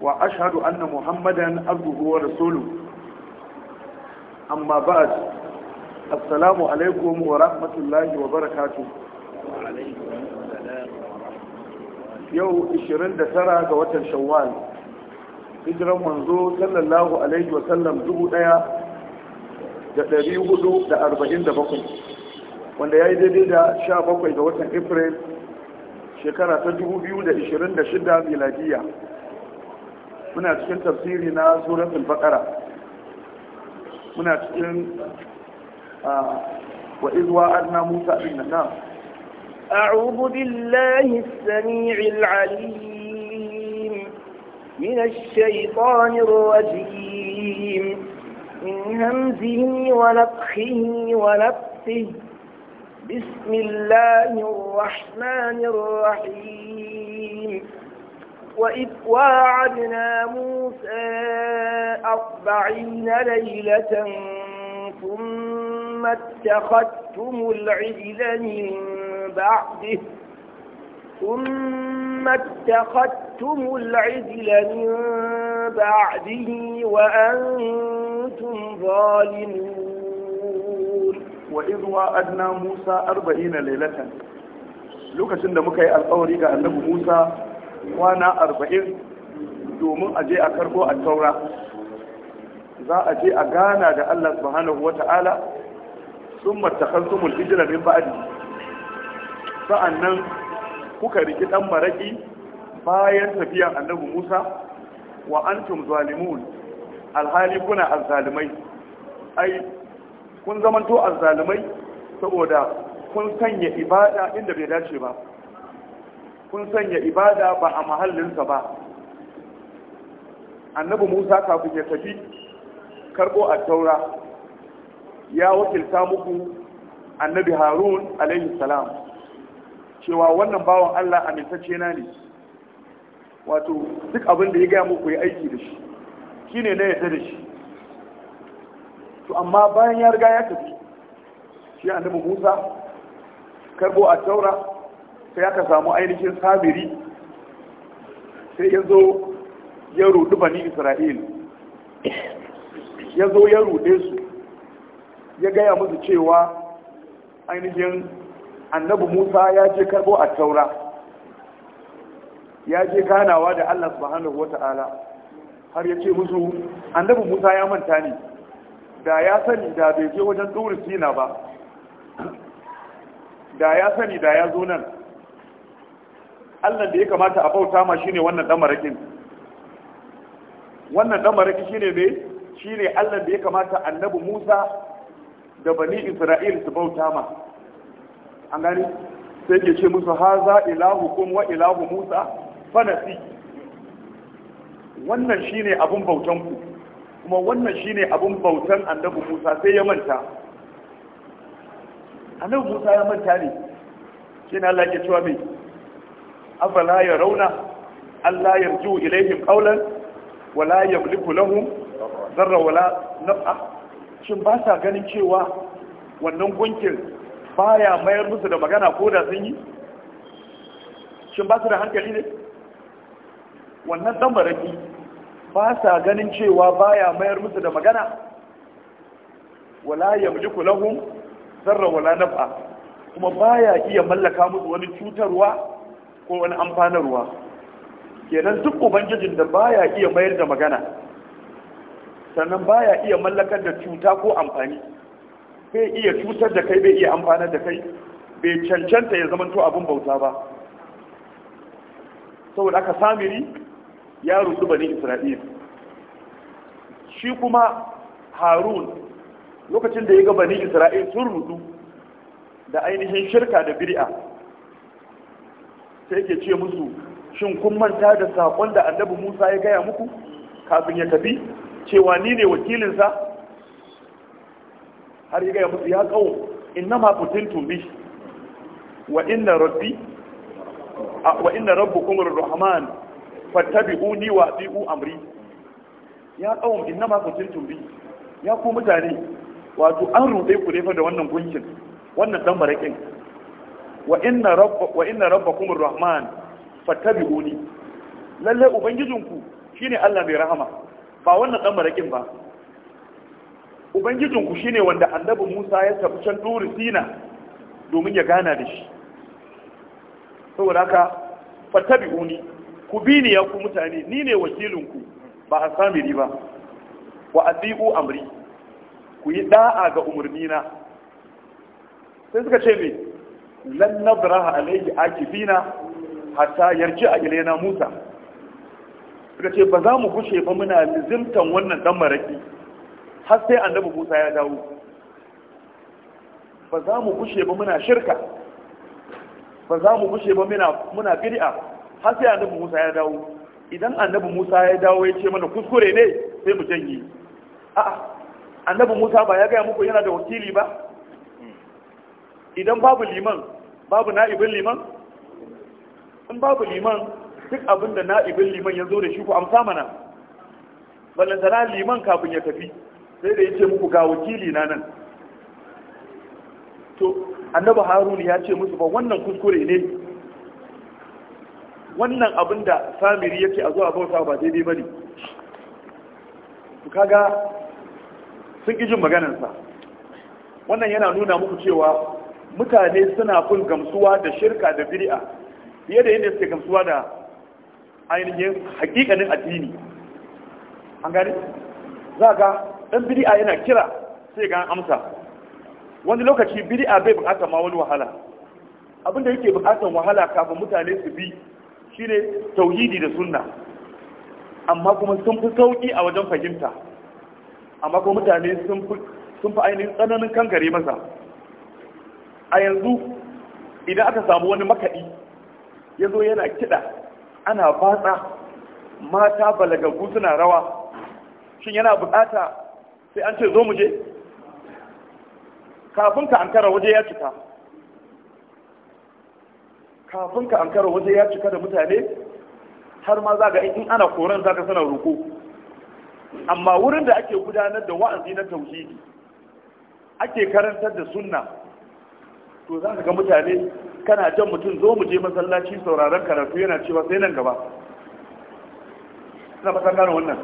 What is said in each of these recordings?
wa ashadu anna muhammadan ورسوله أما بعد السلام عليكم ورحمة الله وبركاته وعليكم السلام يوم 29 watan Shawwal. hijiran manzo sallallahu alaihi wa sallam dubu da dari hudu da arba'in da bakwai wanda ya yi daidai da sha bakwai ga watan april shekara ta dubu biyu da ishirin da shida miladiya muna cikin tafsiri na suratul baqara muna cikin wa iz wa'adna musa bin nan أعوذ بالله السميع العليم من الشيطان الرجيم من همزه ونفخه ونفثه بسم الله الرحمن الرحيم وإذ واعدنا موسى أربعين ليلة ثم اتخذتم العجل من بعده ثم اتخذتم العجل من بعده وأنتم ظالمون وإذ وعدنا موسى أربعين ليلة لوكا سند مكاي القوري قال موسى kwana arba'in domin a je a karbo a taura za a je a gana da Allah subhanahu wa ta'ala sun matakansu mulkijila min ba'adi sa'annan kuka riki ɗan maraƙi bayan tafiyan annabi Musa wa antum zalimun alhali kuna azzalimai ai kun zamanto azzalimai saboda kun sanya ibada inda bai dace ba kun sanya ibada ba a mahallinsa ba annabi musa kafin ya tafi karɓo a taura ya wakilta muku annabi harun alaihi salam cewa wannan bawan allah amintacce na ne wato duk abin da ya gaya muku ya aiki da shi shi ne na yadda da shi to amma bayan ya riga ya tafi shi annabi musa karbo a taura sai aka samu ainihin sabiri sai ya zo ya rudu bani isra'il ya zo ya rude su ya gaya musu cewa ainihin annabi musa ya je karbo a taura ya je ganawa da allah subhanahu wata'ala har ya ce musu annabi musa ya manta ne da ya sani da bai je wajen turi sina ba da ya sani da ya zo nan Allah da ya kamata a bauta ma shine wannan dan marakin wannan dan maraki shine ne shine Allah da ya kamata annabi Musa da bani Isra'il su bauta ma an gani sai ke ce musu haza ilahukum wa ilahu Musa fanasi wannan shine abun bautan ku kuma wannan shine abun bautan annabi Musa sai ya manta annabi Musa ya manta ne shine Allah ke cewa mai afala ya rauna Allah ya rju ilaihim qawlan wala yamliku lahum zarra wala naf'a shin ba sa ganin cewa wannan gunkin baya mayar musu da magana ko da sun yi shin ba su da hankali ne wannan damaraki ba sa ganin cewa baya mayar musu da magana wala yamliku lahum zarra wala naf'a kuma baya iya mallaka musu wani cutarwa ko wani amfanarwa kenan duk ubangijin da baya iya mayar da magana sannan baya iya mallakar da cuta ko amfani bai iya cutar da kai bai iya amfanar da kai bai cancanta ya zamanto abin bauta ba saboda aka samiri ya ruɗu bani isra'il shi kuma harun lokacin da ya ga bani isra'il sun rudu da ainihin shirka da bid'a sai ke ce musu shin kun manta da saƙon da annabi musa ya gaya muku kafin ya tafi cewa ni ne wakilinsa har ya gaya musu ya kawo inna ma fitintum bi wa inna rabbi wa inna rabbukum ar-rahman fattabi'uni wa ati'u amri ya kawo inna ma fitintum bi ya ku mutane wato an rude ku ne fa da wannan gunkin wannan dan barakin wa inna rabba wa inna rabbakum arrahman fattabi'uni lalle ubangijinku shine Allah mai rahama ba wannan dan marakin ba ubangijinku shine wanda annabi Musa ya tafi can duri Sina domin ya gana da shi saboda haka fattabi'uni ku bi ni ya ku mutane ni ne wakilinku ba a samiri riba wa adi'u amri ku yi da'a ga umarnina sai suka ce me lan nabraha alayhi akifina hatta yarji a ilaina Musa suka ce ba za mu kushe ba muna lizimtan wannan dan maraki har sai annabi Musa ya dawo ba za mu kushe ba muna shirka ba za mu kushe ba muna bid'a har sai annabi Musa ya dawo idan annabi Musa ya dawo ya ce mana kuskure ne sai mu janye a'a annabi Musa ba ya gaya muku yana da wakili ba idan babu liman babu na'ibin liman in babu liman duk abin da na'ibin liman ya zo da shi ku amsa mana ballantana liman kafin ya tafi sai da ya ce muku ga wakili na nan to annabi harun ya ce musu ba wannan kuskure ne wannan abin da samiri yake a zuwa bauta ba daidai ba ne kaga sun ƙi jin maganarsa wannan yana nuna muku cewa mutane suna kun gamsuwa da shirka da biri'a, fiye da yadda suke gamsuwa da ainihin hakikanin addini an gani za ga dan biri'a yana kira sai ga amsa wani lokaci biri'a bai bukatar ma wani wahala abinda yake bukatar wahala kafin mutane su bi shine tauhidi da sunna amma kuma sun fi sauki a wajen fahimta amma kuma mutane sun fi ainihin tsananin kankare masa a yanzu idan aka samu wani makaɗi ya zo yana kiɗa ana batsa mata balagagu suna rawa shin yana buƙata sai an ce zo mu je kafin ka kara waje ya cika kafin ka kara waje ya cika da mutane har ma za ga in ana koran za ka sana roko amma wurin da ake gudanar da wa'azi na tauhidi ake karantar da sunna to za ka ga mutane kana jan mutum zo mu je masallaci sauraron karatu yana cewa sai nan gaba na fasa gano wannan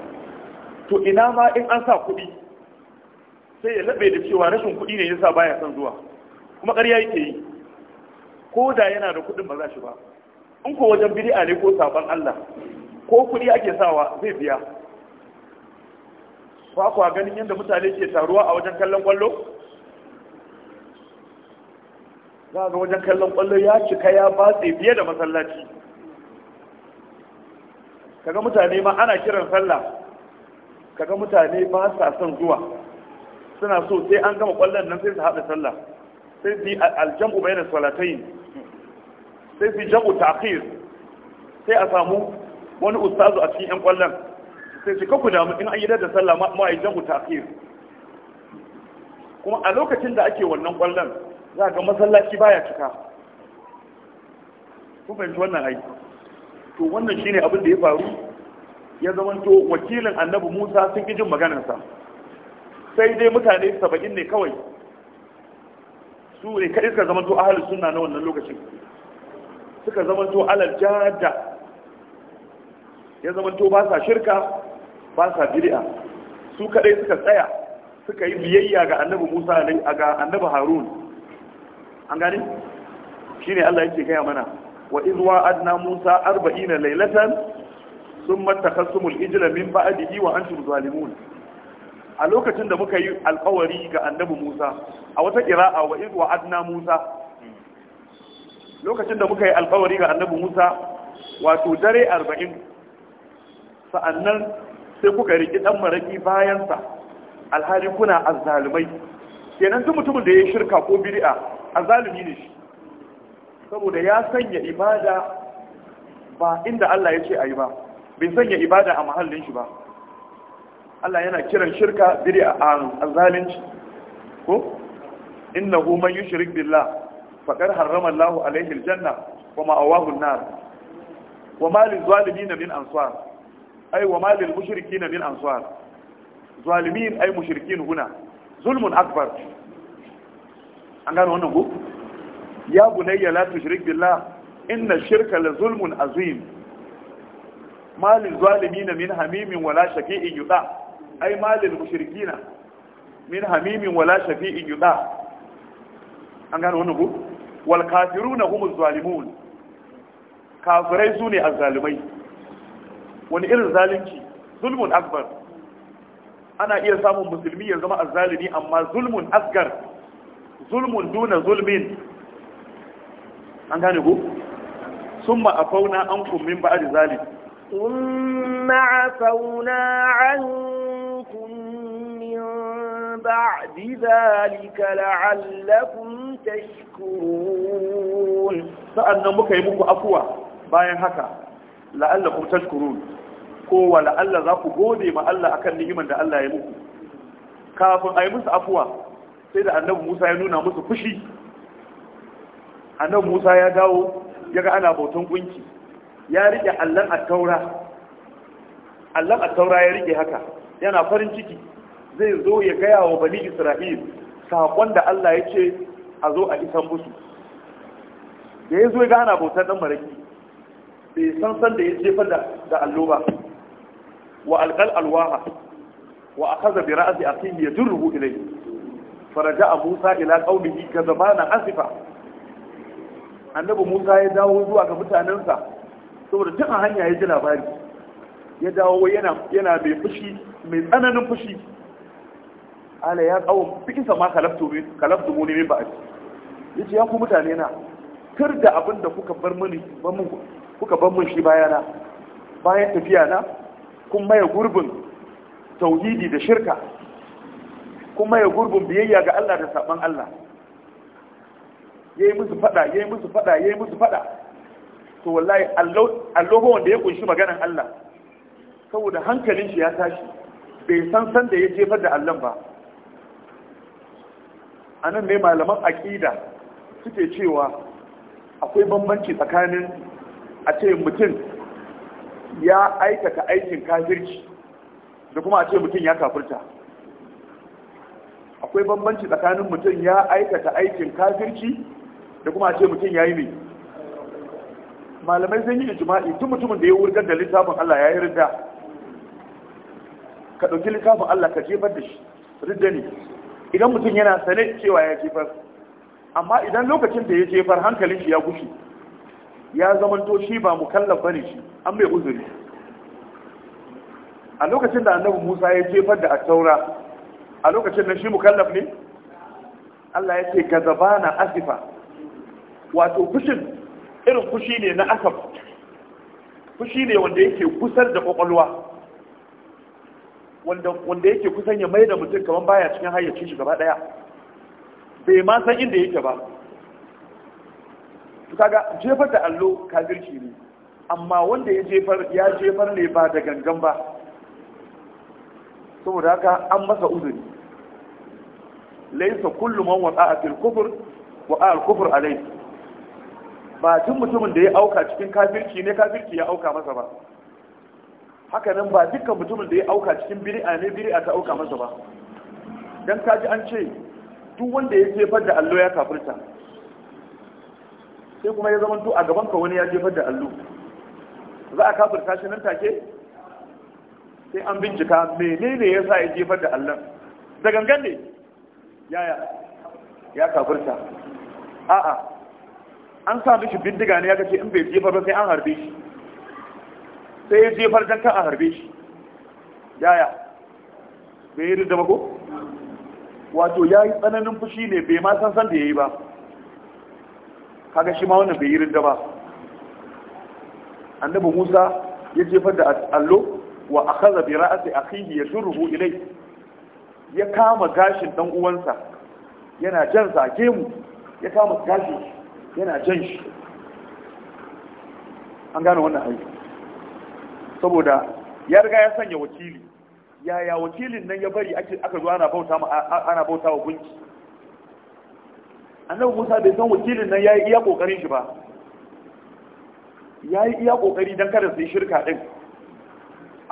to ina ma in an sa kuɗi sai ya labe da cewa rashin kuɗi ne yasa baya son zuwa kuma ƙarya yake yi ko da yana da kuɗin ba za shi ba in ko wajen bidi'a ne ko saban Allah ko kuɗi ake sawa zai biya ba kuwa ganin yadda mutane ke taruwa a wajen kallon kwallo za ga wajen kallon kwallo ya cika ya batse fiye da masallaci kaga mutane ma ana kiran sallah kaga mutane ba sa son zuwa suna so sai an gama kwallon nan sai su haɗa sallah sai su yi aljam'u bayan salatai sai su yi jam'u ta'khir sai a samu wani ustazu a cikin 'yan kwallon sai su kaku damu in an yi da sallah ma a yi jam'u ta'khir kuma a lokacin da ake wannan kwallon za ga masallaci baya cika ku fahimci wannan ai to wannan shine abin da ya faru ya zamanto wakilin annabi Musa sun ki jin maganarsa sai dai mutane 70 ne kawai su ne kai suka zamanto ahlus sunna na wannan lokacin suka zamanto alal jada ya zamanto ba sa shirka ba sa bid'a su kadai suka tsaya suka yi biyayya ga annabi Musa ga annabi Harun an gane ne Allah yake gaya mana wa izwa adna musa 40 sun thumma takhasumul ijla min ba'dihi wa antum zalimun a lokacin da muka yi alkawari ga annabi Musa a wata kira'a wa iz wa adna Musa lokacin da muka yi alkawari ga annabi Musa wato dare 40 sa'annan sai kuka riki ɗan maraƙi bayansa sa alhali kuna azzalumai kenan duk mutumin da ya shirka ko bid'a a zalimi ne shi saboda ya sanya ibada ba inda Allah ya ce a yi ba bai sanya ibada a mahallin shi ba Allah yana kiran shirka biri a zalunci ko innahu man yushrik billah faqad harrama Allahu alaihi aljanna wa ma'awahu an-nar wa ma lil zalimin min ansar ay wa ma lil mushrikin min ansar zalimin ay mushrikin huna zulmun akbar an gano wannan ko ya bunayya la tushrik billah inna shirka la zulmun azim malil zalimin min hamimin wala shafi'in yuda ay malil mushrikina min hamimin wala shafi'in yuda an gano wannan ko wal kafiruna humuz zalimun kafirai su ne azzalimai wani irin zalunci zulmun akbar ana iya samun musulmi ya zama azzalimi amma zulmun asgar zulmun duna zulmin an gane ku sun ma'afauna an kummin ba a da zali sun ma'afauna an kummin ba a di zalika la'allakun tashkurun sa'an nan muka yi muku afuwa bayan haka la'allakun tashkurun kowa la'alla za ku gode ma Allah akan ni'imar da Allah ya muku kafin a yi musu afuwa sai da annabi musa ya nuna musu fushi annabi musa ya dawo ya ga ana bautan kunki ya rike allon attaura allon attaura ya rike haka yana farin ciki zai zo ya gaya wa bani isra'il saƙon da allah ya ce a zo a isan musu da ya zo ya ga ana bautan ɗan maraki bai san san da ya jefar da allo ba wa alƙal alwaha wa a kaza bi ra'asi a ya jirruhu ilai faraja Musa ila qaumihi kazabana asifa annabi Musa ya dawo zuwa ga mutanensa saboda duk hanya ya ji labari ya dawo yana yana mai fushi mai tsananin fushi ala ya kawo cikin sama kalabtu ne kalabtu mu ne ya ba'ati ya ku mutane na kar da abin da kuka bar mini kuka bar shi bayana bayan tafiya na kun maye gurbin tauhidi da shirka kuma ya gurbin biyayya ga Allah da saban Allah yayi musu fada yayi musu fada yayi musu fada to wallahi allo wanda ya kunshi maganan Allah saboda hankalin shi ya tashi bai san san da ya jefar da Allah ba anan ne malaman aqida suke cewa akwai bambanci tsakanin a ce mutum ya aikata aikin kafirci da kuma a ce mutum ya kafirta akwai bambanci tsakanin mutum ya aikata aikin kafirci da kuma ce mutum ya yi ne malamai sun yi jima'i tun mutumin da ya wurgar da littafin Allah ya yi ridda ka ɗauki littafin Allah ka jefar da shi ridda ne idan mutum yana sane cewa ya jefar amma idan lokacin da ya jefar hankalin shi ya gushi ya zama to shi ba mukallaf bane shi an mai uzuri a lokacin da annabi Musa ya jefar da attaura a lokacin nan shi mukallaf ne Allah ya ce ka zaba na asifa wato fushin irin fushi ne na asaf fushi ne wanda yake kusar da kwakwalwa wanda yake kusan ya mai da mutum kamar baya cikin hayyacin shi gaba daya bai ma san inda yake ba kaga jefar da allo girki ne amma wanda ya jefar ya jefar ne ba da gangan ba saboda haka an masa uzuri laisa kullu man wasa fil kufr wa al kufr alai ba duk mutumin da ya auka cikin kafirci ne kafirci ya auka masa ba haka nan ba dukkan mutumin da ya auka cikin bid'a ne bid'a ta auka masa ba dan kaji an ce duk wanda ya jefar da allo ya kafirta sai kuma ya zama to a gaban ka wani ya jefar da allo za a kafirta shi nan take sai an bincika menene ya sa ya jefar da allon da gangan ne yaya ya kafirta a'a an sa mishi bindiga ne ya kace in bai jefar ba sai an harbe shi sai ya jefar dan kan a harbe shi yaya bai yi rizama ko wato ya yi tsananin fushi ne bai ma san san da ya yi ba kaga shi ma wannan bai yi rinda ba annabi musa ya jefar da allo wa akhadha bi ra'si akhihi yashuruhu ilayhi ya kama gashin dan uwansa yana jan zage mu ya kama gashin yana jan shi an gane wannan aiki saboda ya riga ya sanya wakili yaya wakilin nan ya bari aka zo ana bauta wa gunki annabi Musa bai san wakilin nan ya yi iya kokarin shi ba Ya yi iya kokari don kada su yi shirka din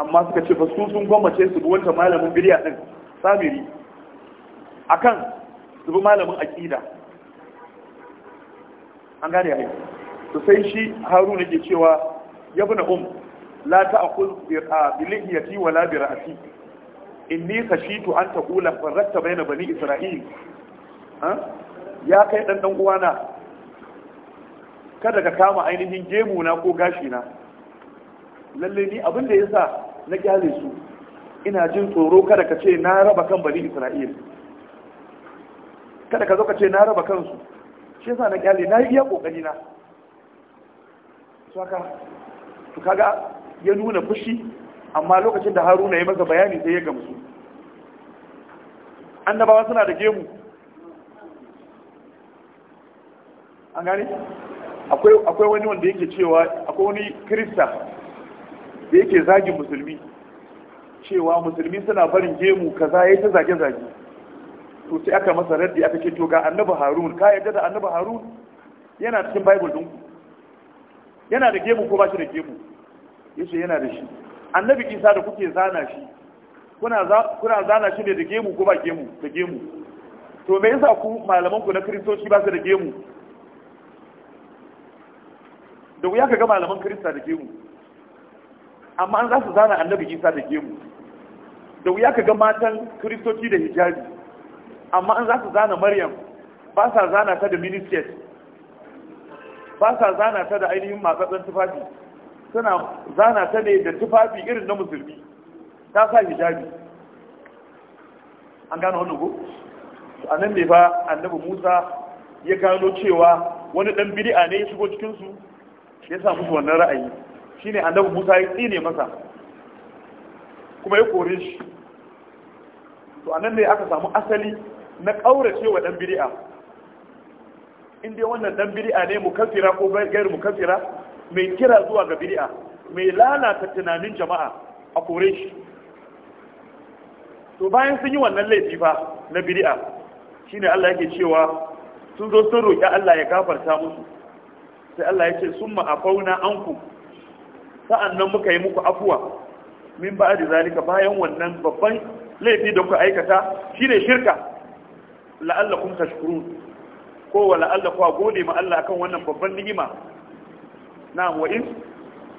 amma suka ce ba su sun gwamace su bi wancan malamin biriya din sabiri akan su malamin aƙida an gane yayi to sai shi haruna ke cewa ya bi um la ta'khul bi lihiyati wa la bi ra'si inni khashitu an taqula farratta bayna bani isra'il ya kai dan dan uwana kada ka kama ainihin gemu na ko gashi na lalle ni abin da yasa na kyale su ina jin tsoro kada ka ce na raba kan bani isra'il kada ka zo ka ce na raba kansu shi yasa na kyale na yi iya kokari na saka to kaga ya nuna fushi amma lokacin da haruna ya masa bayani sai ya gamsu annabawa suna da gemu an gane akwai wani wanda yake cewa akwai wani krista da yake zagin musulmi cewa musulmi suna barin gemu kaza yi ta zage zage to sai aka masa raddi aka ce to ga annabi harun ka yadda da annabi harun yana cikin bible din yana da gemu ko ba shi da gemu Ya ce yana da shi annabi isa da kuke zana shi kuna kuna zana shi ne da gemu ko ba gemu da gemu to me yasa ku malaman ku na kristoci ba su da gemu da wuya ka ga malaman krista da gemu amma an za su zana annabi isa da gemu da wuya ka ga matan kiristoci da hijabi amma an za su zana maryam ba sa zana ta da miniskirt ba sa zana ta da ainihin matsatsen tufafi suna zana ta ne da tufafi irin na musulmi ta sa hijabi an gano wannan ko a nan ne fa annabi musa ya gano cewa wani dan bid'a ne ya shigo cikinsu ya sa musu wannan ra'ayi shine annabi musa ya tsine masa kuma ya kore shi to anan ne aka samu asali na kaurace wa dan bid'a in dai wannan dan bid'a ne mu mukaffira ko gair kafira mai kira zuwa ga bid'a mai lalata tunanin jama'a a kore shi to bayan sun yi wannan laifi fa na bid'a shine Allah yake cewa sun zo sun roki Allah ya gafarta musu sai Allah ya ce summa afauna ankum sa'annan muka yi muku afuwa min ba da zalika bayan wannan babban laifi da kuka aikata ne shirka la'allakum tashkurun ko wa la'allakum gode ma Allah akan wannan babban ni'ima na wa in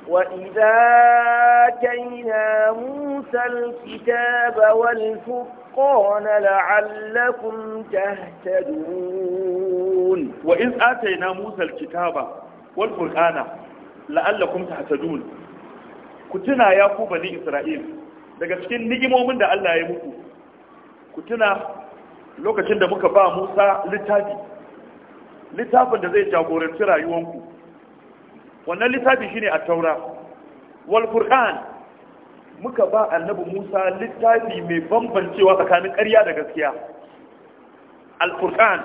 وإذا آتينا موسى الكتاب والفقان لعلكم تهتدون وإذ آتينا موسى الكتاب والفقان لعلكم تهتدون ku tuna ya ku bani isra'il daga cikin ni'imomin da Allah ya muku ku tuna lokacin da muka ba Musa littafi littafin da zai jagoranci rayuwanku wannan littafi shine a taura wal qur'an muka ba annabi Musa littafi mai bambancewa tsakanin ƙarya da gaskiya al-qur'an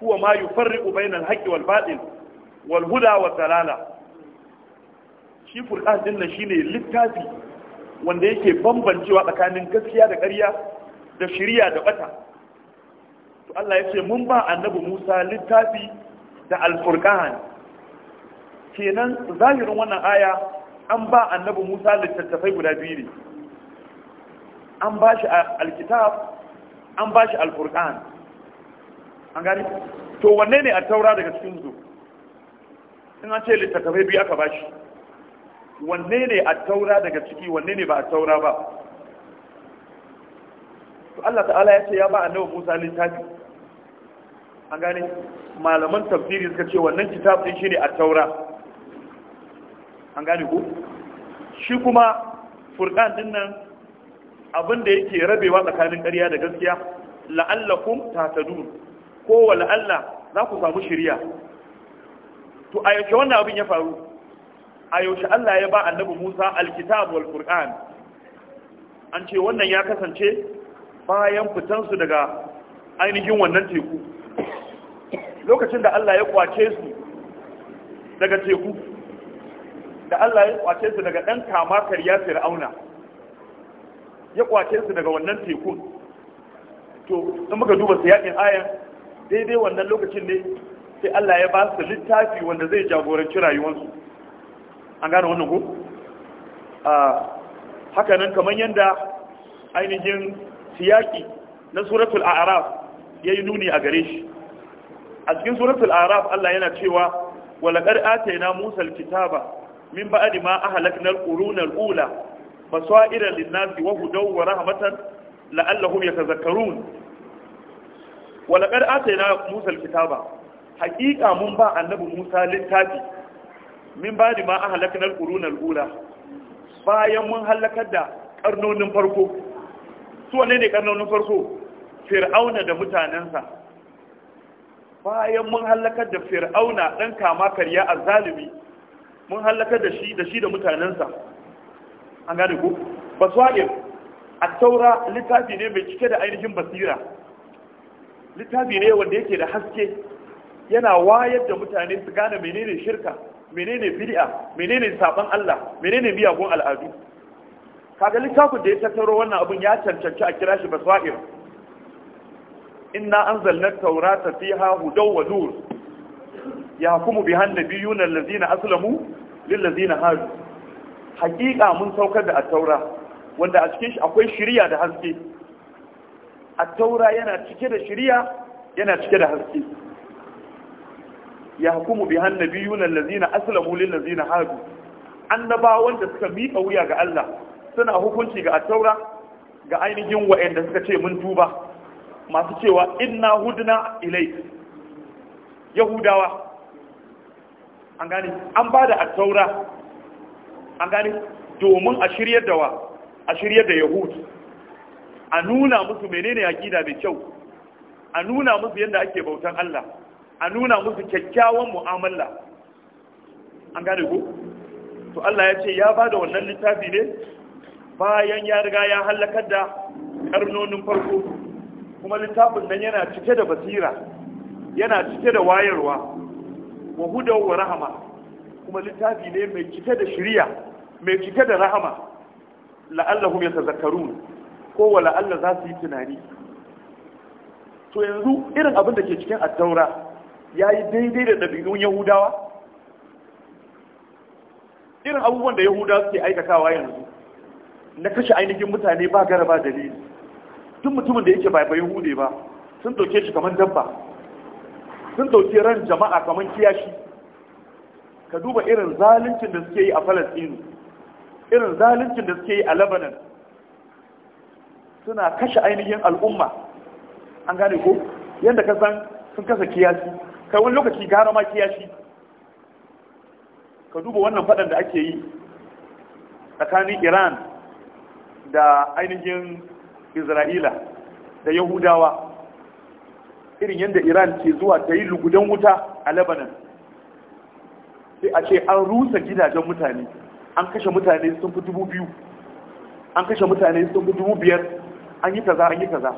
huwa ma yufarriqu bainal haqqi wal batil wal huda wa dalala shi Qur'an din nan shine littafi wanda yake bambancewa tsakanin gaskiya da ƙarya da shari'a da bata to Allah ya ce mun ba annabi Musa littafi da al quran kenan zahirin wannan aya an ba annabi Musa littattafai guda biyu ne an ba shi al-kitab an ba shi al quran an gani to wanne ne a taura daga cikin su in an ce littattafai biyu aka ba shi wanne ne a taura daga ciki wanne ne ba a taura ba to Allah ta'ala ya ce ya ba annabi Musa littafi an gane malaman tafsiri suka ce wannan kitab din shine a taura an gane ku shi kuma furqan din nan abin da yake rabewa tsakanin ƙarya da gaskiya la'allakum tatadun ko wa la'alla za ku samu shari'a to a wannan abin ya faru a yaushe Allah ya ba annabi Musa alkitab wal Qur'an an ce wannan ya kasance bayan fitansu daga ainihin wannan teku lokacin da Allah ya kwace su daga teku da Allah ya kwace su daga ɗan kamakar ya fir'auna ya kwace su daga wannan tekun to in muka duba siyaƙin ayan daidai wannan lokacin ne sai Allah ya ba su littafi wanda zai jagoranci rayuwarsu an gane wannan ko haka nan kamar yadda ainihin siyaki na suratul araf ya yi nuni a gare shi a cikin suratul araf Allah yana cewa walakar atayna musa al-kitaba, min ba'di ma ahlakna alquruna alula fasairan lin-nasi wa hudaw wa rahmatan la'allahum yatazakkarun walakar atayna musa al-kitaba, haqiqa mun ba annabi musa littafi min ba ma an halaknar ƙurunar ƙura. bayan mun halakar da ƙarnonin farko su wane ne ƙarnonin farko fir'auna da mutanensa bayan mun halakar da fir'auna ɗan kama karya a zalibi, mun halakar da shi da shi da mutanensa an gane ku ba su haɗe a taura littafi ne mai cike da ainihin basira littafi ne wanda yake da haske yana wayar da mutane su gane menene shirka menene bid'a menene saban Allah menene miyagun al'adu kaga littafin da ya tattaro wannan abun ya cancanci a kira shi basair inna anzalna taurata fiha hudaw wa nur yahkumu biha an-nabiyuna allazina aslamu lil hadu haqiqa mun saukar da at-taura wanda a cikin shi akwai shiriya da haske at-taura yana cike da shiriya yana cike da haske Ya bi bihan na allazina aslamu lil ladzina hadu annabawan da suka miƙa wuya ga Allah suna hukunci ga Attaura, ga ainihin wa'anda suka ce mun tuba masu cewa inna hudna ilai, yahudawa an gani an bada at-taura an gani domin a shiryar da wa a shiryar da yahud a nuna musu menene aqida mai kyau a nuna musu yadda ake bautan Allah a nuna musu kyakkyawan mu'amala an gane ko to Allah ya ce ya ba da wannan littafi ne bayan ya riga ya halakar da karnonin farko kuma littafin nan yana cike da basira yana cike da wayarwa wa hudaw wa rahama kuma littafi ne mai cike da shiriya mai cike da rahama la'allahum yatazakkarun ko wa la'alla za su yi tunani to yanzu irin abin da ke cikin addaura ya yi daidai da ɗabi'un yahudawa irin abubuwan da yahudawa suke aikatawa yanzu na kashe ainihin mutane ba gara ba dalili tun mutumin da yake bai hude ba sun dauke shi kamar dabba sun dauke ran jama'a kamar kiyashi ka duba irin zaluncin da suke yi a falastinu irin zaluncin da suke yi a lebanon suna kashe ainihin al'umma an gane ko yadda ka san sun kasa kiyashi. kai wani lokaci gara ma kiyashi ka duba wannan fadan da ake yi tsakanin iran da ainihin isra'ila da yahudawa irin yadda iran ke zuwa ta yi lugudan wuta a lebanon sai a ce an rusa gidajen mutane an kashe mutane sun fi dubu biyu an kashe mutane sun fi dubu biyar an yi kaza an yi kaza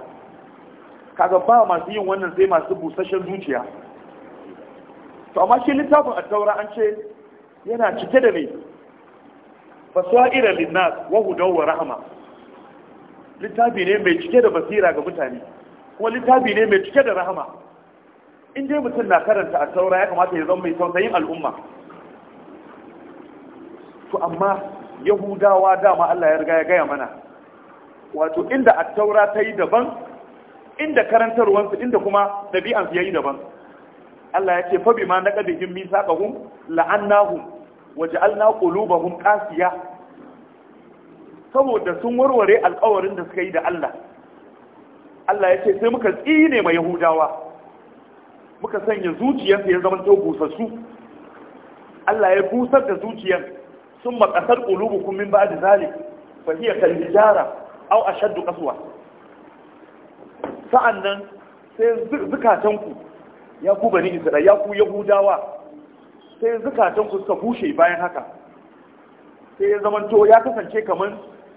kaga ba masu yin wannan sai masu busasshen zuciya to amma shi littafin a taura an ce yana cike da mai fasa'ira linnas wa hudaw wa rahma littafi ne mai cike da basira ga mutane kuma littafi ne mai cike da rahama in dai mutum na karanta a taura ya kamata ya zama mai tausayin al'umma to amma yahudawa dama Allah ya riga ya gaya mana wato inda a taura ta yi daban inda karantarwansu inda kuma ɗabi'ansu ya yi daban Allah ya ce fa bima naqadihim mithaqahum la'annahum waje ja'alna qulubahum qasiya saboda sun warware alƙawarin da suka yi da Allah Allah ya ce sai muka tsine ma Yahudawa muka sanya zuciyarsa ya zama to busassu Allah ya busar da zuciyar sun maƙasar qulubukum min ba'di zalik fa hiya au a shaddu ashaddu qaswa sa'annan sai zukatanku ya ku bani isra'ila ya ku yahudawa sai zukatan ku suka bushe bayan haka sai ya to ya kasance kamar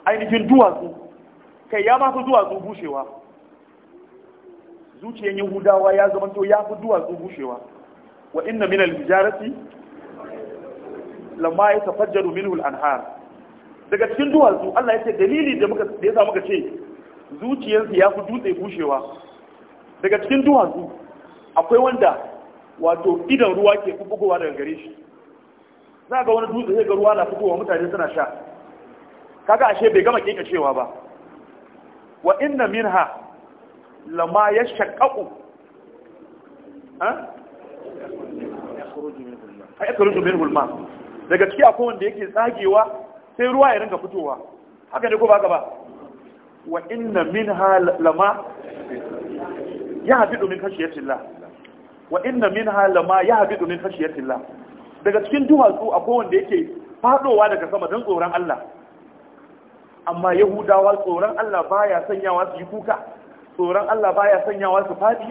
ainihin duwatsu kai ya ma fi duwatsu bushewa zuciyar yahudawa ya to ya fi duwatsu bushewa wa inna min al-hijarati lamma yatafajjaru minhu al-anhar daga cikin duwatsu Allah ya ce dalili da muka da yasa muka ce zuciyarsu ya fi dutse bushewa daga cikin duwatsu akwai wanda wato idan ruwa ke bugowa daga gare shi za ga wani dutse zai ga ruwa na fitowa mutane suna sha kaga ashe bai gama kika cewa ba wa inna minha lama yashaqqaqu ha yakhruju minhu al-ma daga ciki akwai wanda yake tsagewa sai ruwa ya ringa fitowa haka ne ko ba ba wa inna minha lama ya hafidu min khashiyatillah wa inna minha lama yahbidu min khashyatillah daga cikin duwatsu akwai wanda yake fadowa daga sama don tsoron Allah amma yahudawa tsoron Allah baya sanyawa su yi kuka tsoron Allah baya sanyawa su fadi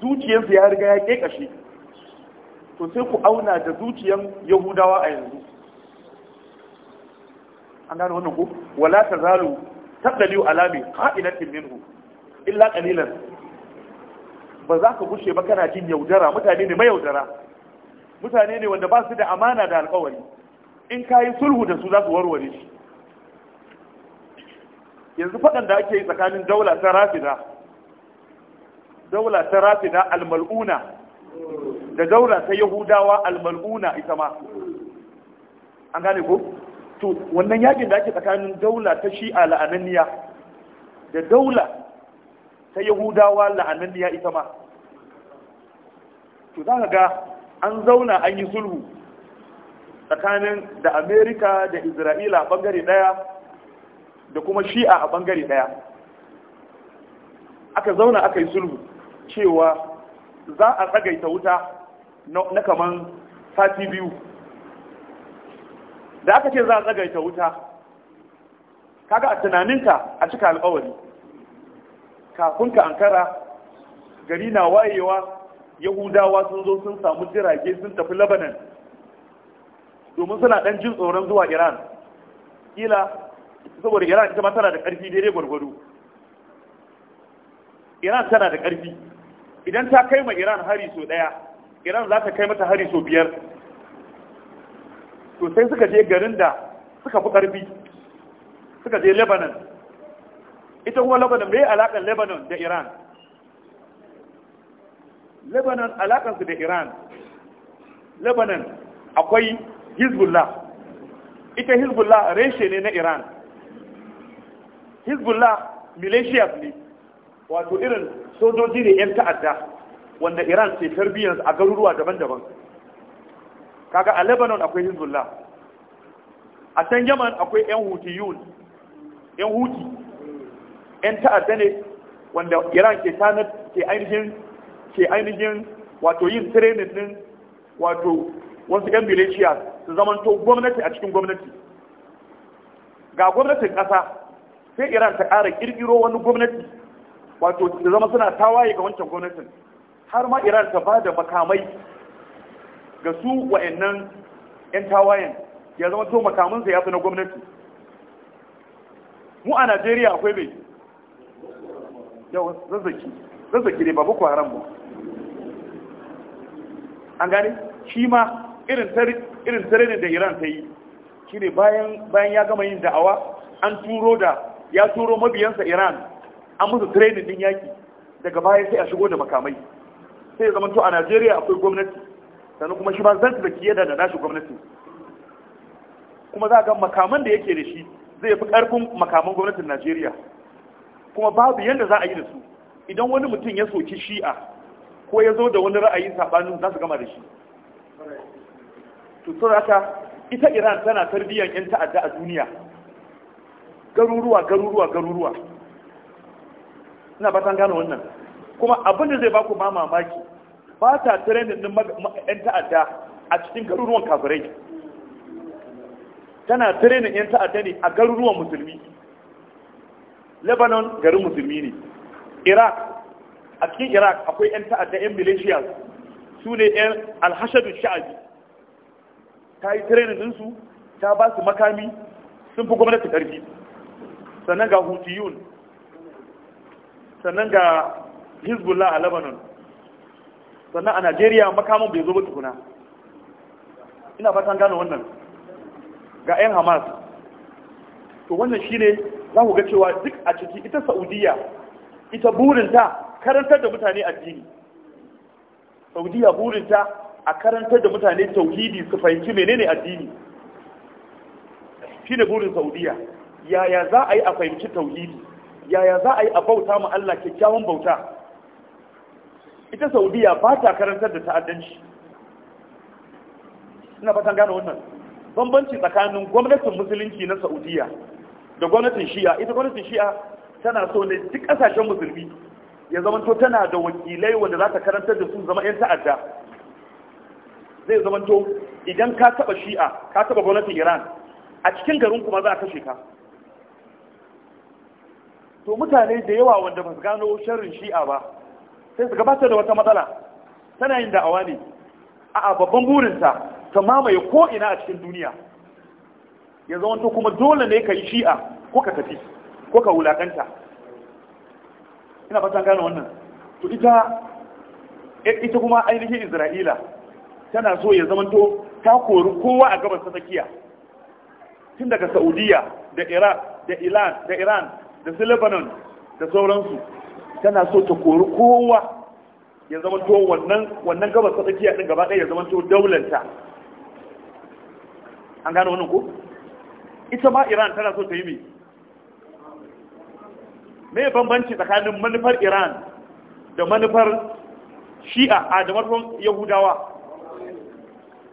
zuciyarsu ya riga ya kekashe to sai ku auna da zuciyar yahudawa a yanzu an gano wannan ko wala tazalu tabdaliu alami qa'inatin minhu illa qalilan ba za ka gushe ba kana jin yaudara mutane ne mayaudara mutane ne wanda ba su da amana da alkawari in ka yi sulhu da su za su warware shi yanzu faɗan da ake yi tsakanin daula ta rafida daula ta rafida almal'una da daula ta yahudawa almal'una ita ma an gane ko to wannan yakin da ake tsakanin daula ta shi'a la'ananniya da daula ta yahudawa la'ananniya ita ma to za ga an zauna an yi sulhu tsakanin da amerika da isra'ila a bangare daya da kuma shi'a a bangare daya aka zauna aka yi sulhu cewa za a tsagaita wuta na kaman sati biyu da aka ce za a tsagaita wuta kaga a tunaninka a cika alkawari kafin ka ankara gari na wayewa yahudawa sun zo sun samu jirage sun tafi labanan domin suna ɗan jin tsoron zuwa iran kila saboda iran ita ma tana da ƙarfi daidai gwargwado iran tana da ƙarfi idan ta kai ma iran hari so ɗaya iran za ta kai mata hari so biyar to sai suka je garin da suka fi ƙarfi suka je lebanon ita kuma lebanon mai alaƙar lebanon da iran lebanon alakansu da iran lebanon akwai hezbollah ita hezbollah reshe ne na iran hezbollah militias ne wato irin sojoji ne 'yan ta'adda wanda iran ce tarbiyyar a garuruwa daban-daban kaga a lebanon akwai hezbollah a can yaman akwai 'yan yun 'yan huti 'yan ta'adda ne wanda iran ke ke ainihin ke ainihin wato yin training din wato wasu yan milishiya su to gwamnati a cikin gwamnati ga gwamnatin ƙasa sai iran ta ƙara ƙirƙiro wani gwamnati wato su zama suna tawaye ga wancan gwamnatin har ma iran ta ba da makamai ga su wa'annan 'yan tawayen ya zama to makamansa ya fi na gwamnati mu a najeriya akwai mai yau zazzaki zazzaki ne ba boko haram ba an gane shi ma irin tsarinin da iran ta yi shi ne bayan ya gama yin da'awa an turo da ya turo mabiyansa iran an musu training din yaki daga baya sai a shigo da makamai sai ya zamanto a najeriya akwai gwamnati sannan kuma shi ma zan da a da nashi gwamnati kuma za a ga makaman da yake da shi zai fi karfin makaman gwamnatin najeriya kuma babu yadda za a yi da su idan wani mutum ya soki shi'a ko ya zo da wani ra'ayi saɓanin za su gama da shi tutur ita iran tana tarbiyyar 'yan ta'adda a duniya garuruwa garuruwa garuruwa ina ba tan gano wannan kuma abin da zai ba ku ma mamaki ba ta trenin din 'yan ta'adda a cikin garuruwan kafirai tana trenin 'yan ta'adda ne a garuruwan musulmi lebanon garin musulmi ne iraq a cikin iraq akwai 'yan ta'adda 'yan militias su ne 'yan alhashadun sha'abi ta yi tirenin dinsu ta ba su makami sun fi gwamnati karfi sannan ga hutiyun sannan ga hezbollah a lebanon sannan a najeriya makaman bai zo ba tukuna ina fatan gano wannan ga 'yan hamas to wannan shine za ku ga cewa duk a ciki ita saudiya ita burinta karantar da mutane addini saudiya burinta a karantar da mutane tauhidi su fahimci menene addini shi ne burin saudiya yaya za a yi a fahimci tauhidi yaya za a yi a bauta ma Allah kyakkyawan bauta ita saudiya ba ta karantar da ta'addanci ina fatan gane wannan bambanci tsakanin gwamnatin musulunci na saudiya da gwamnatin shi'a ita gwamnatin shi'a tana so ne duk kasashen musulmi ya zama to tana da wakilai wanda za ta karantar da su zama 'yan ta'adda zai zama to idan ka taba shi'a ka taba gwamnatin iran a cikin garin kuma za a kashe ka to mutane da yawa wanda ba su gano sharrin shi'a ba sai su gabatar da wata matsala tana yin da'awa ne a babban burinta ta mamaye ko ina a cikin duniya ya zama to kuma dole ne ka yi shi'a ko ka tafi ko ka wulakanta ina fatan gane wannan to ita e, ita kuma ainihin isra'ila tana so ya to ta kori kowa a gabas ta tsakiya tun daga saudiya da iraq da iran da iran da su lebanon da sauransu tana so ta kori kowa ya to wannan wannan gabas ta tsakiya din gaba ɗaya ya to daulanta an gane wannan ko ita ma iran tana so ta yi mai me bambanci tsakanin manufar iran da manufar shi'a a da manufar yahudawa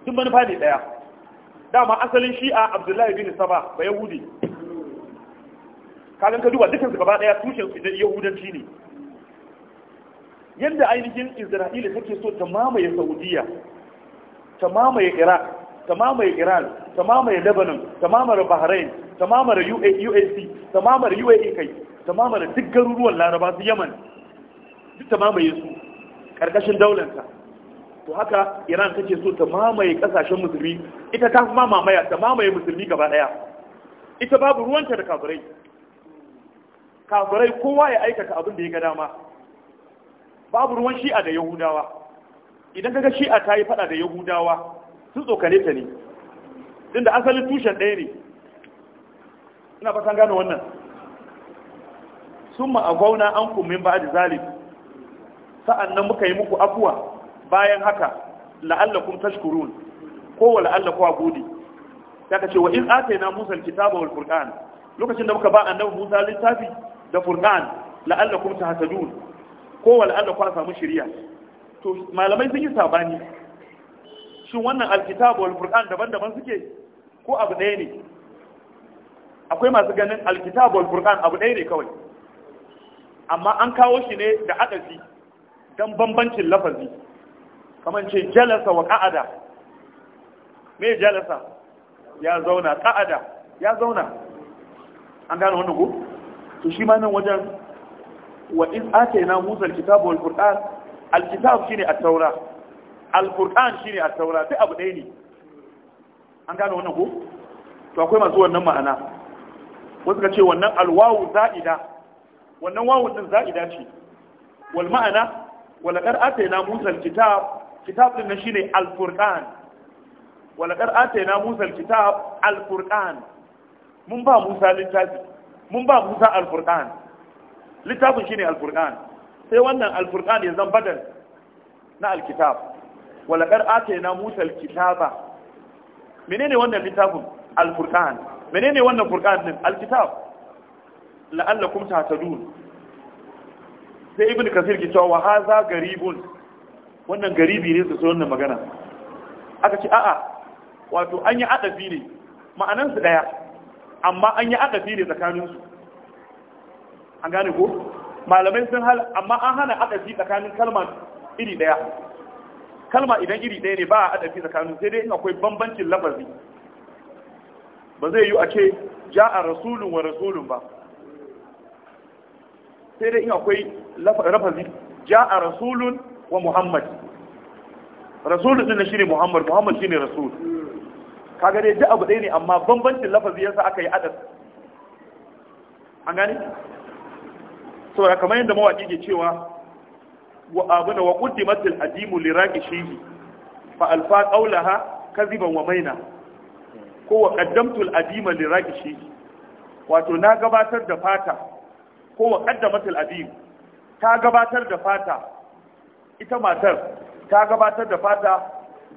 duk manufa ne daya dama asalin shi'a abdullahi bin saba ba yahudi kalin ka duba dukkan su gaba daya tushen su da yahudanci ne yadda ainihin isra'ila take so ta mamaye saudiya ta mamaye iraq ta mamaye iran ta mamaye lebanon ta mamaye bahrain ta mamaye uac ta mamaye uae kai tamama da duk garuruwan laraba su yaman duk ta mamaye su ƙarƙashin daularsa to haka iran kake so ta mamaye ƙasashen musulmi ita ta kuma mamaya ta mamaye musulmi gaba ɗaya ita babu ruwanta da kafirai kafirai kowa ya aikata abin da ya ga dama babu ruwan shi'a da yahudawa idan kaga shi'a ta yi fada da yahudawa sun tsokane ta ne tunda asalin tushen ɗaya ne ina fatan gane wannan sun ma'agwauna an kummin ba da zalim sa'an nan muka yi muku afuwa bayan haka la'allakum tashkurun ko wa la'allakum a ya ka ce wa in aka na musa kitaba wal furqan lokacin da muka ba annabi musa littafi da furqan la'allakum tahtadun ko wa la'allakum a samu shari'a to malamai sun yi sabani shin wannan alkitabu wal furqan daban-daban suke ko abu ɗaya ne akwai masu ganin alkitabu wal furqan abu ɗaya ne kawai amma an kawo shi ne da adafi don bambancin lafazi kamar ce jalasa wa ka'ada me jalasa ya zauna ka'ada ya zauna an gano wannan ku to shi ma nan wajen wa in na musa alkitabu alkur'an alkitabu shi ne a taura al shi ne a taura sai abu ɗaya ne an gano wannan ku to akwai masu wannan ma'ana wasu ka ce wannan alwawu za'ida wannan wawun din za'ida ce wal ma'ana walaqad atayna musa alkitab kitab din nan shine alfurqan walaqad atayna musa alkitab alfurqan mun ba musa littafi mun ba musa alfurqan littafin shine alfurqan sai wannan alfurqan ya zan badal na alkitab walaqad atayna musa alkitaba menene wannan littafin alfurqan menene wannan furqan din alkitab la'allakum tahtadun sai ibn kasir ke cewa wa haza garibun wannan garibi ne su wannan magana aka ce a'a wato an yi adafi ne ma'anan su daya amma an yi adafi ne tsakanin su an gane ko malamai sun hal amma an hana adafi tsakanin kalma iri daya kalma idan iri daya ne ba a adafi tsakanin sai dai in akwai bambancin lafazi ba zai yi a ce a rasulun wa rasulun ba sai dai in akwai lafazi ja'a rasulun wa muhammad rasulun din ne muhammad muhammad ne rasul kaga dai duk abu ɗaya ne amma bambancin lafazi yasa aka yi adad an gane saboda kamar yadda mawaƙi ke cewa wa abuna wa quddimatil adimu liraqishi fa alfa ƙaulaha, kaziban wa maina ko wa qaddamtul adima shi. wato na gabatar da fata ko wa qaddamatul adib ta gabatar da fata ita matar ta gabatar da fata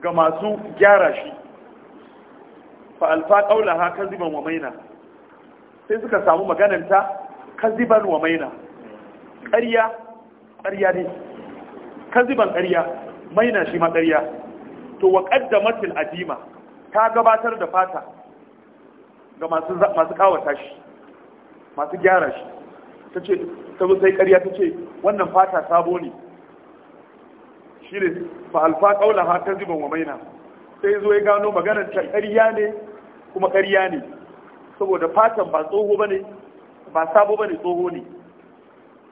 ga masu gyara shi fa alfa qaulaha kaziban wa maina sai suka samu ta kaziban wa maina ƙarya ƙarya ne kaziban ƙarya maina shi ma ƙarya to wa qaddamatul adima ta gabatar da fata ga masu masu kawata shi masu gyara shi ta ce ta zo sai ƙarya ta ce wannan fata sabo ne shi ne fa alfa kaula ha ta ziban wa maina sai zo ya gano maganar ta ƙarya ne kuma ƙarya ne saboda fatan ba tsoho bane ba sabo ba ne tsoho ne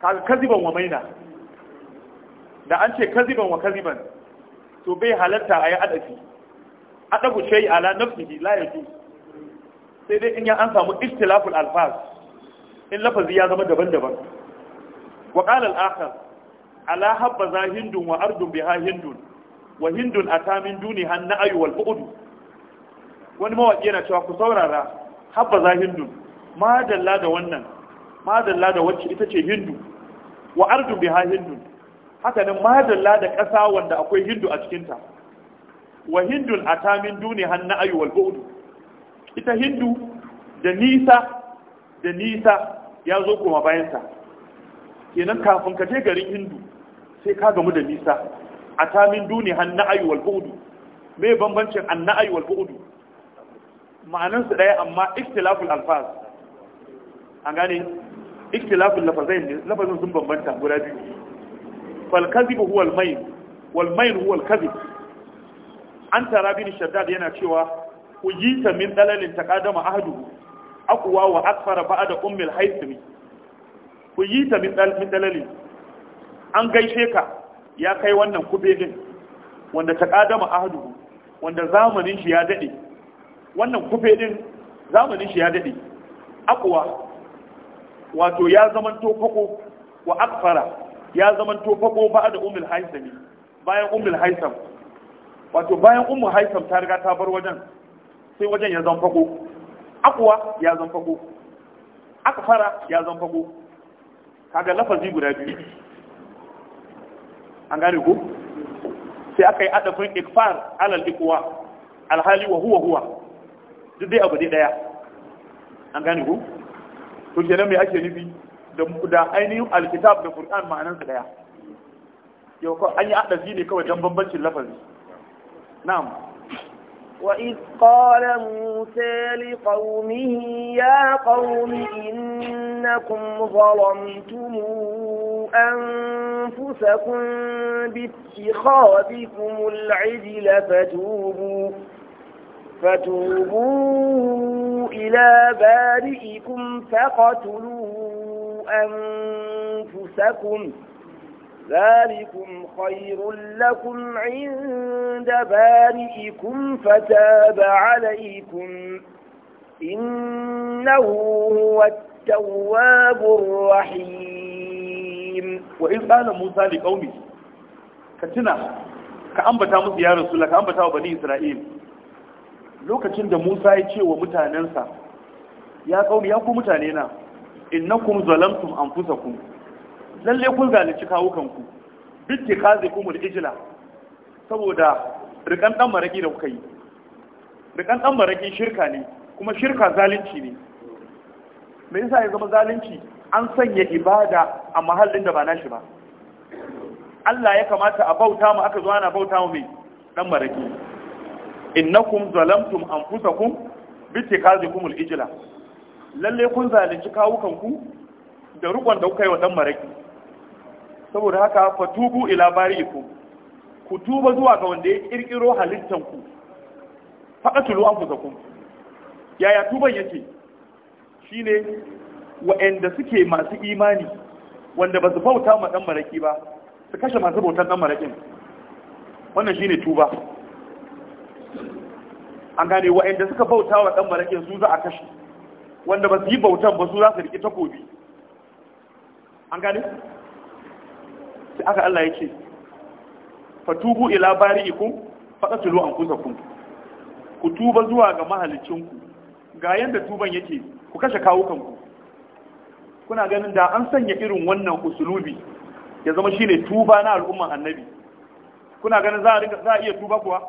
kaga kaziban wa maina da an ce kaziban wa kaziban to bai halarta a yi adafi adabu shayi ala nafsihi la yajuz sai dai in ya an samu istilaful alfaz in lafazi ya zama daban-daban wa qala al-akhar ala habba za hindun wa ardun biha hindun wa hindun atamin duni han na'ayu wal bu'du wani mawaki yana cewa ku saurara habba za hindun ma dalla da wannan ma dalla da wacce ita ce hindu wa ardun biha hindun haka nan ma dalla da ƙasa wanda akwai hindu a cikinta wa hindun atamin duni han na'ayu wal bu'du ita hindu da nisa da nisa ya zo koma bayansa kenan kafin ka je garin hindu sai ka gamu da nisa a tamin duni han na'ayi wal bu'du me bambancin an na'ayi wal bu'du ma'anan su daya amma ikhtilaful alfaz an gane ikhtilaful lafazain ne lafazin sun bambanta guda biyu fal kadhibu huwa al mayn wal mayn huwa al kadhib an tara bin shaddad yana cewa kujita min dalalin taqadama ahduhu aqwa wa akthara ba'da Ummil al-haythami ku yi ta mitsalali an gaishe ka ya kai wannan kube din wanda ta kadama ahadu wanda zamanin shi ya dade wannan kube din zamanin shi ya dade aqwa wato ya zaman fako wa akfara ya zaman tofako ba da ummil haisami bayan Ummil haisam wato bayan ummu haisam ta riga ta bar wajen sai wajen ya zama fako akwa ya zan fago fara ya zan fago kaga lafazi guda biyu an gane ko sai aka yi adafin ikfar alal ikwa alhali wa huwa huwa duk dai abu daya an gane ko to kenan me ake nufi da ainihin alkitab da qur'an sa daya yau ko an yi adafi ne kawai don bambancin lafazi na'am وإذ قال موسى لقومه يا قوم إنكم ظلمتم أنفسكم باتخاذكم العجل فتوبوا فتوبوا إلى بارئكم فقتلوا أنفسكم ذلكم خير لكم عند بارئكم فتاب عليكم إنه هو التواب الرحيم وإذ قال موسى لقومه كتنا كأنبتا musu ya Rasulullah ka ambata wa bani Isra'il lokacin da Musa ya ce wa mutanensa ya kauni ya ku mutane lalle kun zalunci kanku bitti kaze kumul ijila saboda rikan dan maraki da kuka yi rikan dan maraki shirka ne kuma shirka zalunci ne me yasa ya zama zalunci an sanya ibada a mahallin da ba nashi ba Allah ya kamata a bauta mu aka zo ana bauta mu mai dan maraki innakum zalamtum anfusakum bittikazikum al-ijla lalle kun zalunci kanku da rukon da kuka yi wa dan maraki saboda haka fatubu ila bariku ku tuba zuwa ga wanda ya kirkiro halittan ku faqatulu anfusakum yaya tuban yake shine wa'anda suke masu imani wanda ba su bauta ma dan maraki ba su kashe masu bautan dan marakin wannan shine tuba an gane wa'anda suka bauta wa dan marakin su za a kashe wanda ba su yi bautan ba su za su riƙe takobi an gane sai aka Allah ya ce fatubu ila bari'ikum faqatulu anfusakum ku tuba zuwa ga mahalicinku ga yanda tuban yake ku kashe kawukanku kuna ganin da an sanya irin wannan usulubi ya zama shine tuba na al'umman annabi kuna ganin za a za a iya tuba kuwa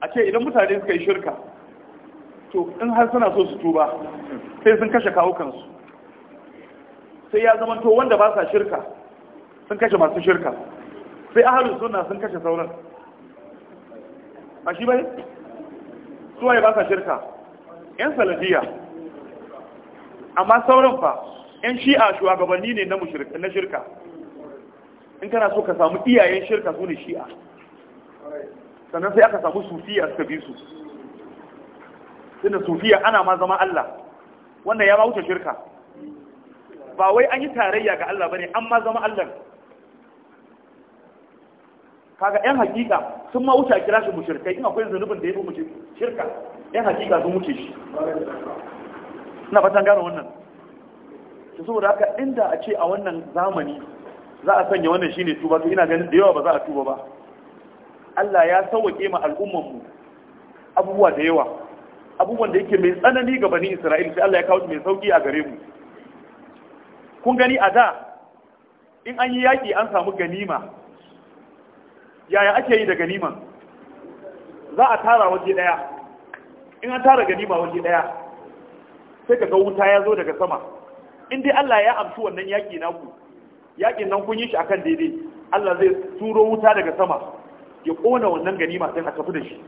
a ce idan mutane suka yi shirka to in har suna so su tuba sai sun kashe kawukansu sai ya zama to wanda ba sa shirka sun kashe masu shirka sai ahalin suna sun kashe sauran a shi bai suwaye ba sa shirka 'yan salafiya amma sauran fa 'yan shi'a shugabanni ne na shirka in kana so ka samu iyayen shirka su ne shi'a sannan sai aka samu sufiya suka bi su tunda sufiya ana ma zama Allah wannan ya ba wuce shirka ba wai an yi tarayya ga Allah bane an ma zama Allah kaga yan hakika sun ma wuce kira shi mushrikai in akwai zanubin da ya fi shirka yan hakika sun wuce shi ina fatan gano wannan to saboda haka inda a ce a wannan zamani za a sanya wannan shine tuba to ina ganin da yawa ba za a tuba ba Allah ya sauke ma al'umman mu abubuwa da yawa abubuwan da yake mai tsanani ga bani Isra'il sai Allah ya kawo mai sauki a gare mu kun gani a da in an yi yaƙi an samu ganima yaya ake yi da ganiman za a tara waje ɗaya in an tara ganima waje ɗaya sai ka ga wuta ya zo daga sama in dai Allah ya amshi wannan yaƙi ku yaƙin nan kun yi shi akan daidai Allah zai turo wuta daga sama ya ƙona wannan ganima sai a tafi da shi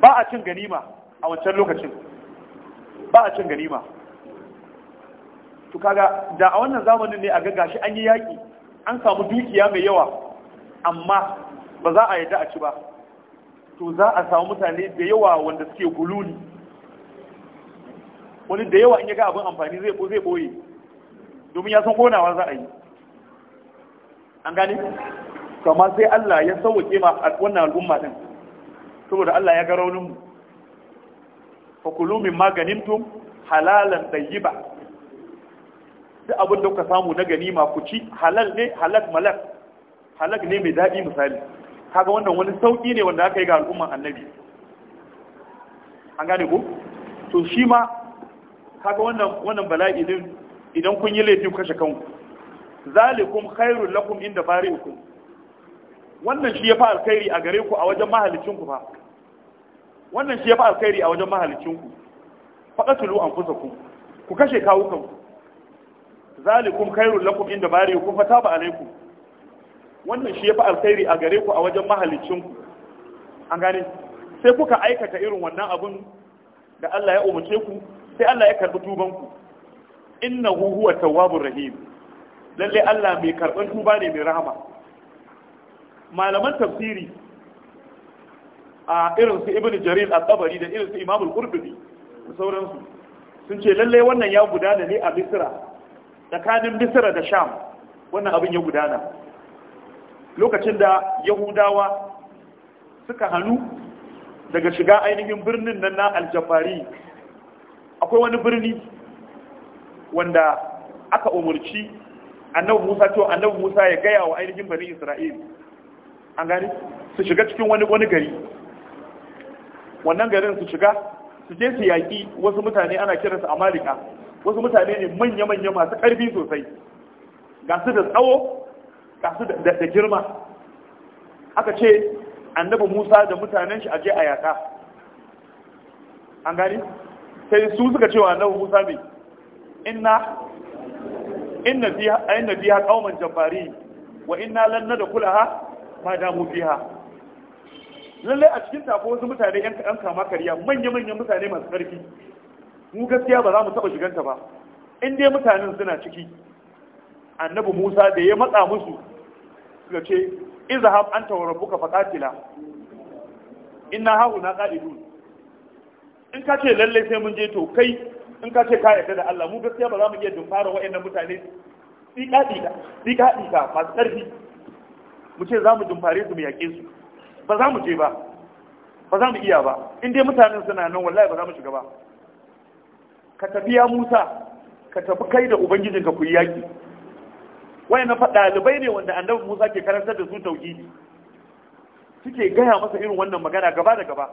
ba a cin ganima a wancan lokacin ba a cin ganima to kaga da a wannan zamanin ne a ga gashi an yi yaƙi an samu dukiya mai yawa amma ba za a yadda a ci ba to za a samu mutane da yawa wanda suke guluni. wani da yawa in ya ga abin amfani zai zai boye domin ya san konawa za a yi an gane kama sai Allah ya sauke ma wannan al'umma din saboda Allah ya ga raunin mu fa kulu min halalan tayyiba duk abin da kuka samu na ganima ku ci halal ne halak malak halak ne mai daɗi misali kaga wannan wani sauƙi ne wanda aka yi ga al'umman annabi an gane ku to shi ma kaga wannan wannan bala'i din idan kun yi laifi kashe kanku zalikum khairul lakum inda bari'ukum wannan shi ya fa alkhairi a gare ku a wajen ku fa wannan shi ya fa alkhairi a wajen mahalicinku faɗatulu an kusa ku ku kashe kawukanku zalikum khairul lakum inda bari'ukum fataba alaikum wannan shi yafi alkhairi a gare ku a wajen mahallicin ku an gane sai kuka aikata irin wannan abun da Allah ya umarce ku sai Allah ya karbi tuban ku innahu huwa tawwabur rahim lalle Allah mai karban tuba ne mai rahama malaman tafsiri a irin su ibnu jarir al-tabari da irin su imamul qurtubi da sauransu sun ce lalle wannan ya gudana ne a misra tsakanin misira da sham wannan abin ya gudana lokacin da yahudawa suka hannu daga shiga ainihin birnin nan na aljabari akwai wani birni wanda aka umarci annabi musa to annabi musa ya gaya wa ainihin bani Isra'il. an gani su shiga cikin wani wani gari wannan garin su shiga su je su yaƙi wasu mutane ana kiransu amalika wasu mutane ne manya-manya masu ƙarfi sosai ga su da tsawo ga su da girma aka ce annabi musa da mutanen shi aje a yaka an gani sai su suka cewa annabi musa mai inna inna biya inna biya qauman jabbari wa inna lan nadkhulaha ma damu biha lalle a cikin tafi wasu mutane yan kama kariya manya manyan mutane masu karfi mu gaskiya ba za mu taɓa shiganta ba in dai mutanen suna ciki annabi musa da ya matsa musu ga ce izhab anta wa rabbuka faqatila inna hauna qalidun in ka ce lalle sai mun je to kai in ka ce ka yarda da Allah mu gaskiya ba za mu iya dumfara wa'annan mutane dika dika dika masu ƙarfi mu ce za mu dumfare su mu yaƙe su ba za mu je ba ba za mu iya ba in dai mutanen suna nan wallahi ba za mu shiga ba ka tafi ya musa ka tafi kai da ubangijinka ku yi yaƙi wayannan fa ɗalibai ne wanda annabi musa ke karantar da su tauhidi suke gaya masa irin wannan magana gaba da gaba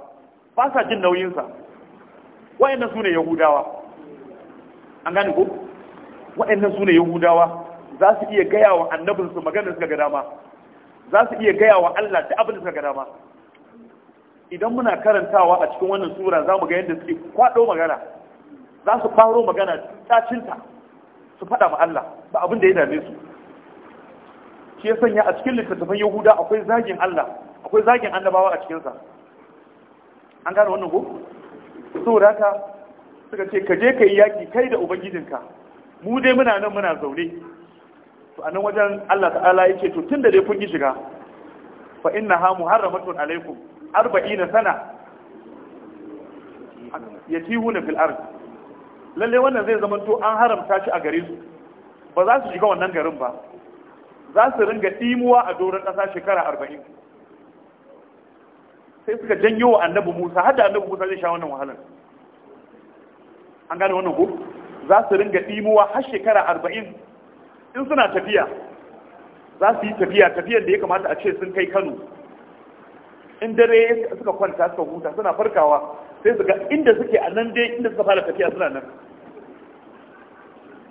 ba sa jin nauyinsa wayannan su ne yahudawa an gane ko wayannan su ne yahudawa za su iya gaya wa annabinsu magana suka ga dama za su iya gaya wa Allah da abin da suka ga dama idan muna karantawa a cikin wannan sura za mu ga yadda suke kwado magana za su faro magana cacinta su faɗa ma Allah ba abin da ya dame su shi ya sanya a cikin littattafan yahuda akwai zagin Allah akwai zagin annabawa a cikinsa an gane wannan ko saboda haka suka ce ka je ka yi yaƙi kai da ubangijinka mu dai muna nan muna zaune to a nan wajen Allah ta'ala ya ce to tun da dai kun yi shiga fa inna ha muharramatun alaikum arba'ina sana yatihuna fil ardh lalle wannan zai zama to an haramta shi a gare su ba za su shiga wannan garin ba za su ringa ɗimuwa a doron ƙasa shekara arba'in sai suka janyo wa annabi musa har da annabi musa zai sha wannan wahalar an gane wannan ko za su ringa ɗimuwa har shekara arba'in in suna tafiya za su yi tafiya tafiyar da ya kamata a ce sun kai kano in dare suka kwanta suka huta suna farkawa sai su ga inda suke a nan dai inda suka fara tafiya suna nan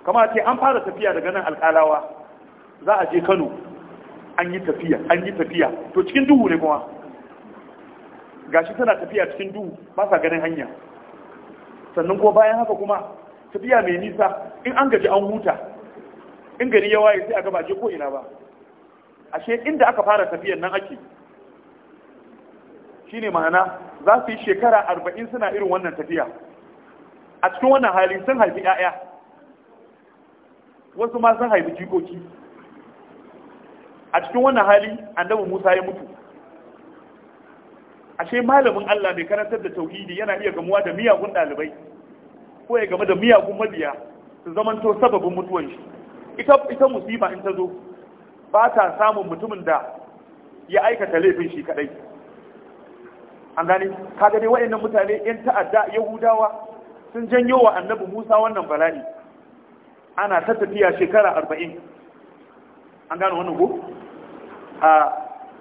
kama ce an fara tafiya daga nan alƙalawa za a je kano an yi tafiya an yi tafiya to cikin duhu ne kuma gashi suna tafiya cikin duhu ba sa ganin hanya sannan kuma bayan haka kuma tafiya mai nisa in an gaji an huta in gari ya waye sai a gaba je ko ina ba ashe inda aka fara tafiyan nan ake shine ma'ana za su yi shekara arba'in suna irin wannan tafiya a cikin wannan hali sun haifi 'ya'ya wasu ma sun haifi jikoki a cikin wannan hali annabi musa ya mutu ashe malamin allah mai karantar da tauhidi yana iya gamuwa da miyagun ɗalibai ko ya game da miyagun mabiya su zamanto sababin mutuwan shi ita musiba in ta zo ba ta samun mutumin da ya aikata laifin shi kadai an gane kaga dai waɗannan mutane yan ta'adda yahudawa sun janyo wa annabi musa wannan bala'i ana ta tafiya shekara arba'in an gano wannan ko a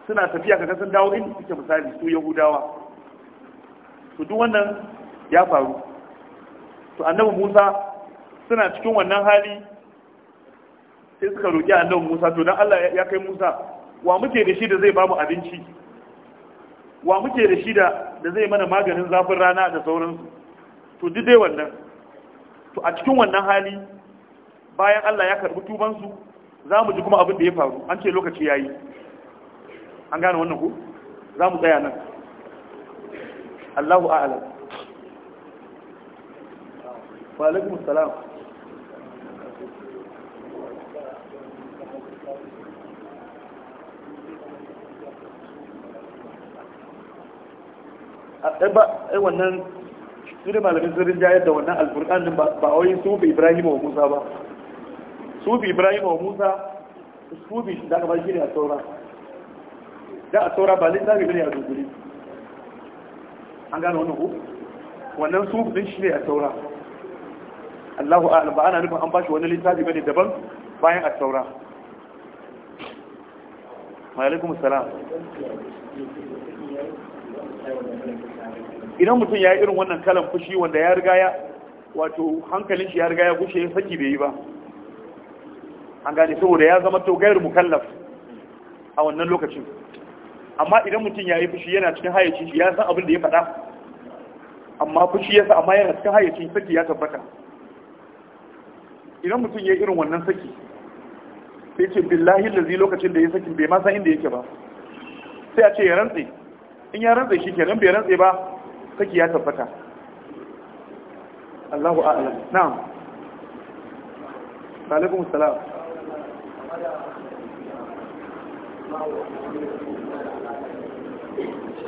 suna tafiya kaga sun dawo inda suke misali su yahudawa to duk wannan ya faru to annabi musa suna cikin wannan hali sai suka roƙi annabi musa to dan allah ya kai musa wa muke da shi da zai bamu abinci wa muke da shida da zai mana maganin zafin rana da sauransu to duk dai wannan to a cikin wannan hali bayan Allah ya karbi tubansu za mu ji kuma abin da ya faru an ce lokaci ya yi an gane wannan ku za mu tsaya nan Allahu a'ala. wa alaikum salam ai ba ai wannan su da malamin sirrin jayar da wannan alfurkanin din ba a wai sufi ibrahim wa musa ba sufi ibrahim wa musa sufi da aka ba shi ne a saura da a saura ba littafi ne a doguri an gane wannan ku wannan sufi din shi ne a saura Allahu a'lam ba ana nufin an bashi wani littafi bane daban bayan a saura wa salam idan mutum ya yi irin wannan kalan fushi wanda ya riga ya wato hankalin shi ya riga ya gushe saki bai yi ba an gane saboda ya zama to gairu mukallaf a wannan lokacin amma idan mutum ya yi fushi yana cikin hayyacin shi ya san abin da ya faɗa amma fushi ya sa amma yana cikin hayyacin saki ya tabbata idan mutum ya yi irin wannan saki sai ce billahi lazi lokacin da ya saki bai ma san inda yake ba sai a ce ya rantse in ya rantsa shi kenan bai rantsa ba saki ya tabbata Allahu a'lam na'am alaikum salam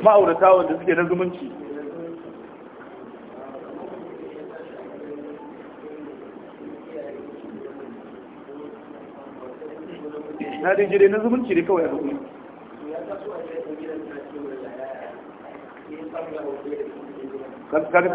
ma'aurata wanda suke na zumunci na dai jire na zumunci ne kawai a duk ta nan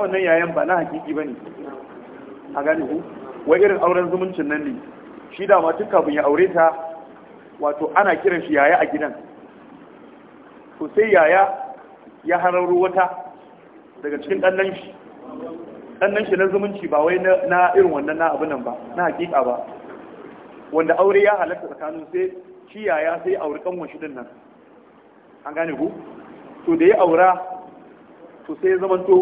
wannan yayan ba na hakiki ba ne a gani ku wai irin auren zumuncin nan ne shi da matuka bin ya aure ta wato ana kiran shi yaya a gidan to sai yaya ya hararo wata daga cikin ɗannan shi ɗannan shi na zumunci ba wai na irin wannan na abinan nan ba na hakika ba wanda aure ya halatta tsakanin sai shi yaya sai aure kanwan shi nan an gane ku to da ya aura to sai ya to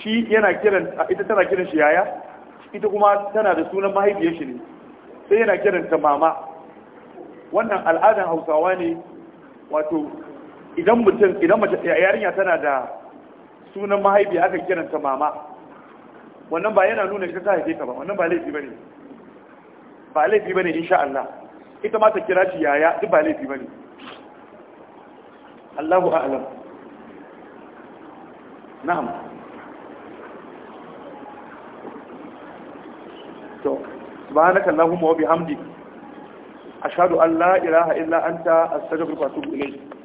shi yana kiran ita tana kiran shi yaya ita kuma tana da sunan mahaifiyar shi ne sai yana kiranta mama wannan al'adan hausawa ne wato idan mutum idan mace yarinya tana da sunan mahaifi aka kiranta mama wannan ba yana nuna ita ta haife ka ba wannan ba laifi bane ba laifi bane insha Allah ita ma ta kira shi yaya duk ba laifi bane Allahu a'lam na'am to subhanaka allahumma wa bihamdika ashhadu an la ilaha illa anta astaghfiruka wa atubu ilayk